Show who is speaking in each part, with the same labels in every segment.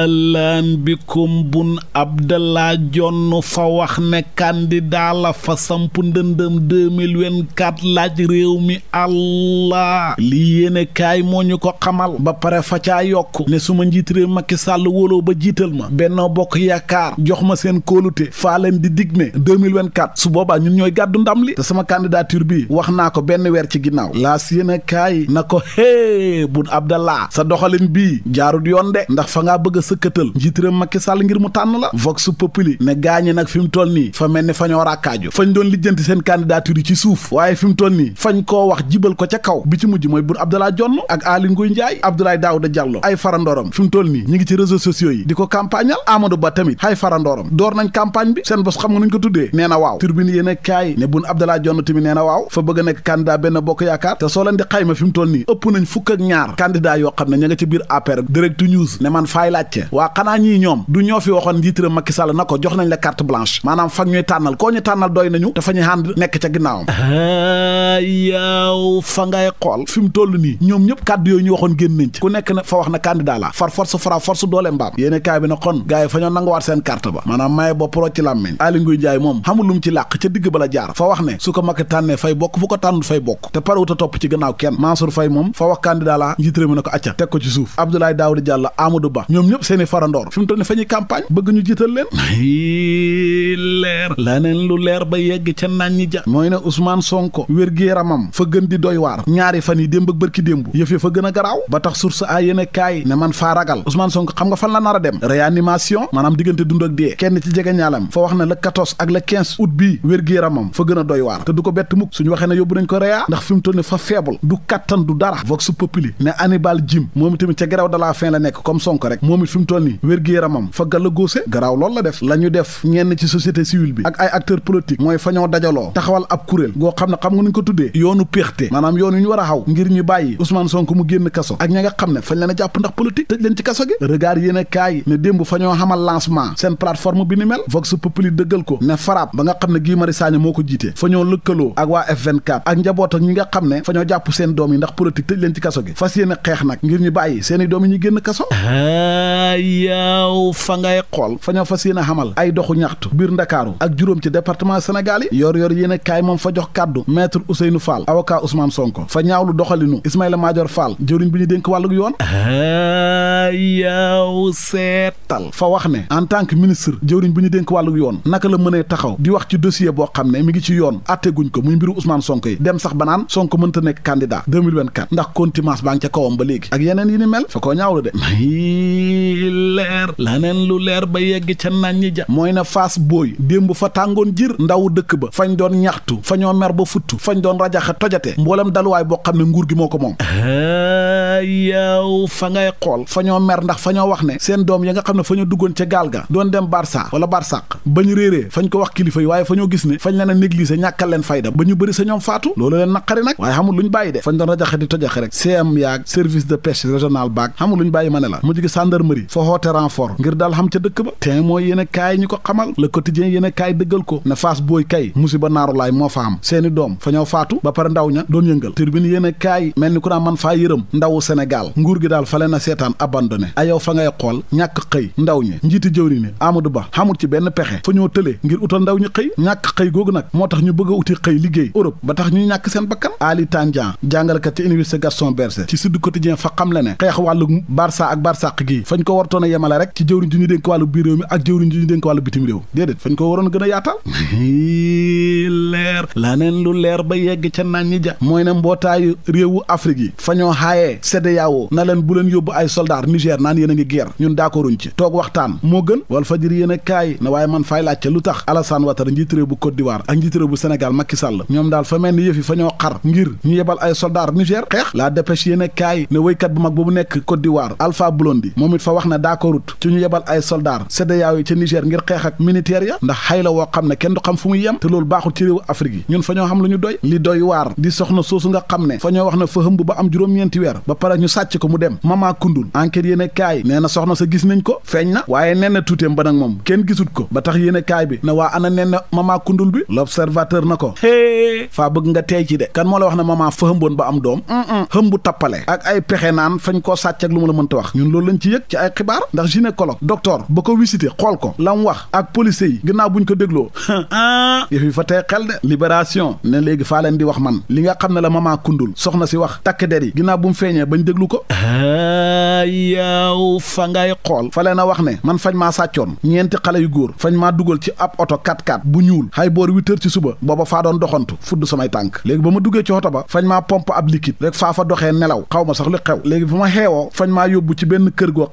Speaker 1: alaan bikum bun abdallah jonn fa wax ne candidat la fa samp ndëndëm 2024 laaj réew mi allah lii yéene kaay moo ñu ko xamal ba pare fa caa yokk ne su ma njiit réew Macky Sall wóoloo ba jiital ma Benno Bokk Yaakaar jox ma seen kóolute faa leen di dig ne 2024 su boobaa ñun ñooy gàddu ndam li te sama candidature bi wax naa ko benn weer ci ginnaaw laas yéene kaay na ko hee bun abdallah sa doxalin bii jaarut yoon de ndax fa ngaa bëgg sëkkatal njiitiram Macky Sall ngir mu tànn la vox populi ne gaañi nag fi mu nii fa mel ni fa ñoo fañ doon lijjanti seen candidature yi ci suuf waaye fi mu nii fañ koo wax jibal ko ca kaw bi ci mujj mooy Boun Abdallah Dionne ak Aly Ngouille Ndiaye Abdoulaye Daouda Diallo ay farandoram fi mu nii ñi ngi ci réseaux sociaux yi di ko campagnal Amadou Ba tamit ay farandoram door nañ campagne bi seen bos xam nga nuñ ko tuddee nee na waaw turbine yéen Mbàkke waa xanaa ñii ñoom du ñoo fi waxoon njiitaram Macky Sall na ko jox nañ la carte blanche maanaam fag ñuy tànnal koo ñu tànnal doy nañu dafa ñuy ànd nekk ca ginnaawam ah, yaaw fa ngay xool fi mu nii ñoom ñëpp kàddu yooyu ñu waxoon génn nañ ku nekk fa wax na candidat la far force fra force doole mbaam yéene kaay bi na kon gars yi fa ñoo nanguwaat seen carte ba maanaam maye bopp ci làmmiñ Aly Ngouille Ndiaye moom xamul ci làq ca digg bala jaar fa wax a topp ci gannaaw kenn Mansour Faye moom fa wax candidat la njiit réew mi seeni farandoor fi mu toll ne fa ñuy campagne bëgg ñu jiital leen leer laneen lu leer ba yegg ca naan ja mooy ne Ousmane Sonko wér gi yaramam fa gën di doy waar ñaari fan yi démb ak bërki démb yëf ya fa gën a garaaw ba tax source a yéen kaay ne man faa ragal Ousmane Sonko xam nga fan la nar a dem réanimation maanaam diggante dund ak dee kenn ci jege ñaalam fa wax na la 14 ak le 15 août bii wér gi yaramam fa gën a doy waar te du ko bett mukk suñu waxee ne yóbbu nañ ko réa ndax fi mu toll ne fa faible du kattan du dara vox populi ne Hannibal Jim moom tamit ca geraw la la nekk comme Sonko mu toll nii wér-gu-yaramam fa gàlla góose garaaw loolu la def la ñu def ñenn ci société civile bi ak ay acteurs politiques mooy fa dajaloo taxawal ab kuréel goo xam ne xam nga nuñ ko tuddee yoonu péexte maanaam yoon yu ñu war a xaw ngir ñi bàyyi Ousmane Sonko mu génn kaso ak ña nga xam ne fañ leen a jàpp ndax politique tëj leen ci kaso gi regard yéen a kaay ne démb fa ñoo xamal lancement seen plateforme bi ni mel Vox Populi dëggal ko ne FRAPP ba nga xam ne Guy Marius moo ko jiite fa ñoo lëkkaloo ak waa F24 ak njaboot ak nga xam ne fa ñoo jàpp seen doom yi ndax politique tëj leen ci kaso gi fas yéene xeex nag ngir ñu bàyyi seeni doom yi ñu génn yaaw fa ngay xool fa ñoo fas yéene xamal ay doxu ñaxtu bir ndakaaru ak juróom ci département Sénégal yi yor yor yéene kaay moom fa jox kàddu maître Ousseynou Fall avocat Ousmane Sonko fa ñaawlu doxalinu Ismaïla Madior Fall jëriñ bi ñu dénk wàllug yoon yaaw seetal fa wax ne en tant ministre jëwriñ bu ñu dénk wàllug yoon naka la mënee taxaw di wax ci dossier boo xam ne mi ngi ci yoon atte guñ ko muy mbiru Ousmane Sonko yi dem sax banaan Sonko mënta nekk candidat 2024 ndax contumace baa ngi ca kawam ba léegi xëyi leer laneen lu leer ba yegg ca naññi ja mooy na faas booy démb fa tàngoon jir ndaw dëkk ba fañ doon ñaxtu fa ñoo mer ba futtu fañ doon rajaxa tojate mboolem daluwaay boo xam ne nguur gi moo ko moom yaw fa ngay xool fa ñoo mer ndax fa wax ne seen doom ya nga xam ne fa duggoon ca gaal ga doon dem barsa wala barsàq bañ réeree fañ ko wax kilifa yi waaye fa gis ne fañ leen a négliger ñàkkal leen fayda ba ñu bëri sa ñoom faatu loolu leen fa xoote renfort ngir daal xam ca dëkk ba te mooy yéen a kaay ñu ko xamal le quotidien yéen a kaay dëggal ko ne faas booy kay musiba naaru laay moo fa am seeni doom fa ñoo faatu ba pare ndaw ña doon yëngal turbine yéen a kaay mel ni ku naa man faa yërëm ndawu Sénégal nguur gi daal fa leen a seetaan abandonné ayow fa ngay xool ñàkk xëy ndaw ñi njiiti jëwri ne Amadou Ba xamul ci benn pexe fa ñoo tëlee ngir utal ndaw ñi xëy ñàkk xëy googu nag moo tax ñu bëgg uti xëy liggéey Europe ba tax ñuy ñàkk seen bakkan Ali Tandian jàngalekat ci université Gaston Berger ci Sud Quotidien fa xam le ne xeex wàllu Barça ak Barsàq gi wartoon a yemale rek ci jëwriñ ju ñu dénk wàllu biir mi ak jëwriñ ju ñu dénk wàllu bitim réew déedéet fañ ko waroon gën a yaatal leer la neen lu leer ba yegg ca naan ñi ja mooy ne mbootaayu réew Afrique yi fa ñoo xaayee CEDEAO na leen bu leen yóbbu ay soldat Niger naan yéen a ngi guerre ñun d'accorduñ ci toog waxtaan moo gën wal fa yéen a kaay na waaye man fay laajte lu tax Alassane Ouattara njiit réew bu Côte diwaar ak njiit réew bu Sénégal Macky Sall ñoom daal fa mel ni yëf yi fa ñoo xar ngir ñu yebal ay soldat Niger xeex la dépêche yéen a kaay ne waykat bu mag nekk Côte d'Ivoire Alpha Blondy moom wax ne d'accordut ci ñu yebal ay soldaar CEDEAO yi ca Niger ngir xeex ak militaire ya ndax xay la woo xam ne kenn du xam fu muy yem te loolu baaxul ci réew yi ñun fa ñoo xam lu ñu doy li doy waar di soxna soosu nga xam ne fa ñoo wax ne fa ba am juróom-ñeenti weer ba pare ñu sàcc ko mu dem mama kundul enquête yéen kaay nee na soxna sa gis nañ ko feeñ na waaye nee tuuteem ba nag moom kenn gisut ko ba tax yéen kaay bi ne waa ana nee na ay xibaar ndax gynécologue docteur ba ko visité xool ko la mu wax ak police yi gannaaw buñ ko dégloo ah yëf yi fa tey xel de libération ne léegi faa leen di wax man li nga xam ne la maman kundul soxna si wax takk der yi ginnaaw bu mu feeñee bañ déglu ko ah, yaaw fa ngay xool fa leen a wax ne man fañ maa sàccoon ñeenti xale yu góor fañ maa dugal ci ab oto 4 x bu ñuul xay boor huit heures ci suba booba faa doon doxantu fudd samay tànk léegi ba ma duggee ci oto ba fañ maa pompe ab liquide rek faa sax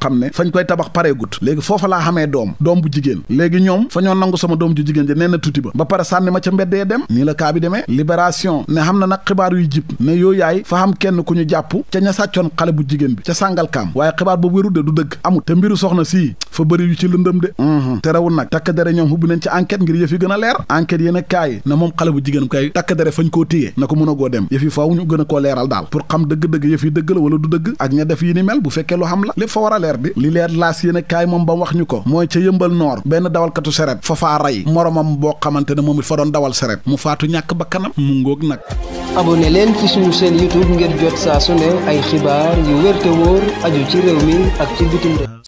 Speaker 1: lu ne fañ koy tabax pareegut léegi foofa laa xamee doom doom bu jigéen léegi ñoom fa ñoo nangu sama doom ju jigéen ji nee na tuuti ba ba pare sànni ma ca mbeddee dem nii la kaa bi demee libération ne xam na nag xibaar yu jib ne yoo yaay fa xam kenn ku ñu jàpp ca ña sàccoon xale bu jigéen bi ca sàngal kaam waaye xibaar boobu wérul de du dëgg amul te mbiru soxna sii fa bëri yu ci lëndëm de mhm. terewul nag takk dere ñoom xubbi nañ ci enquête ngir yëf yi gën a leer enquête yéen a kaay na moom bu jigéen kay takk dere fañ koo téye na ko mën dem yëf yi faaw ñu gën a koo dëgg-dëgg dëgg wala du dëgg ak ña bu fekkee lu a leer bi li leen laas yéen a kaay moom ba wax ñu ko mooy ca yëmbal noor benn dawalkatu seret fa faa rey moromam boo xamante ne moom fa doon dawal seret mu faatu ñàkk ba kanam mu ngóog nag abonné leen ci suñu seen youtube ngir jot saa su ne ay xibaar yu wér te wóor aju ci réew mi ak ci bitim réew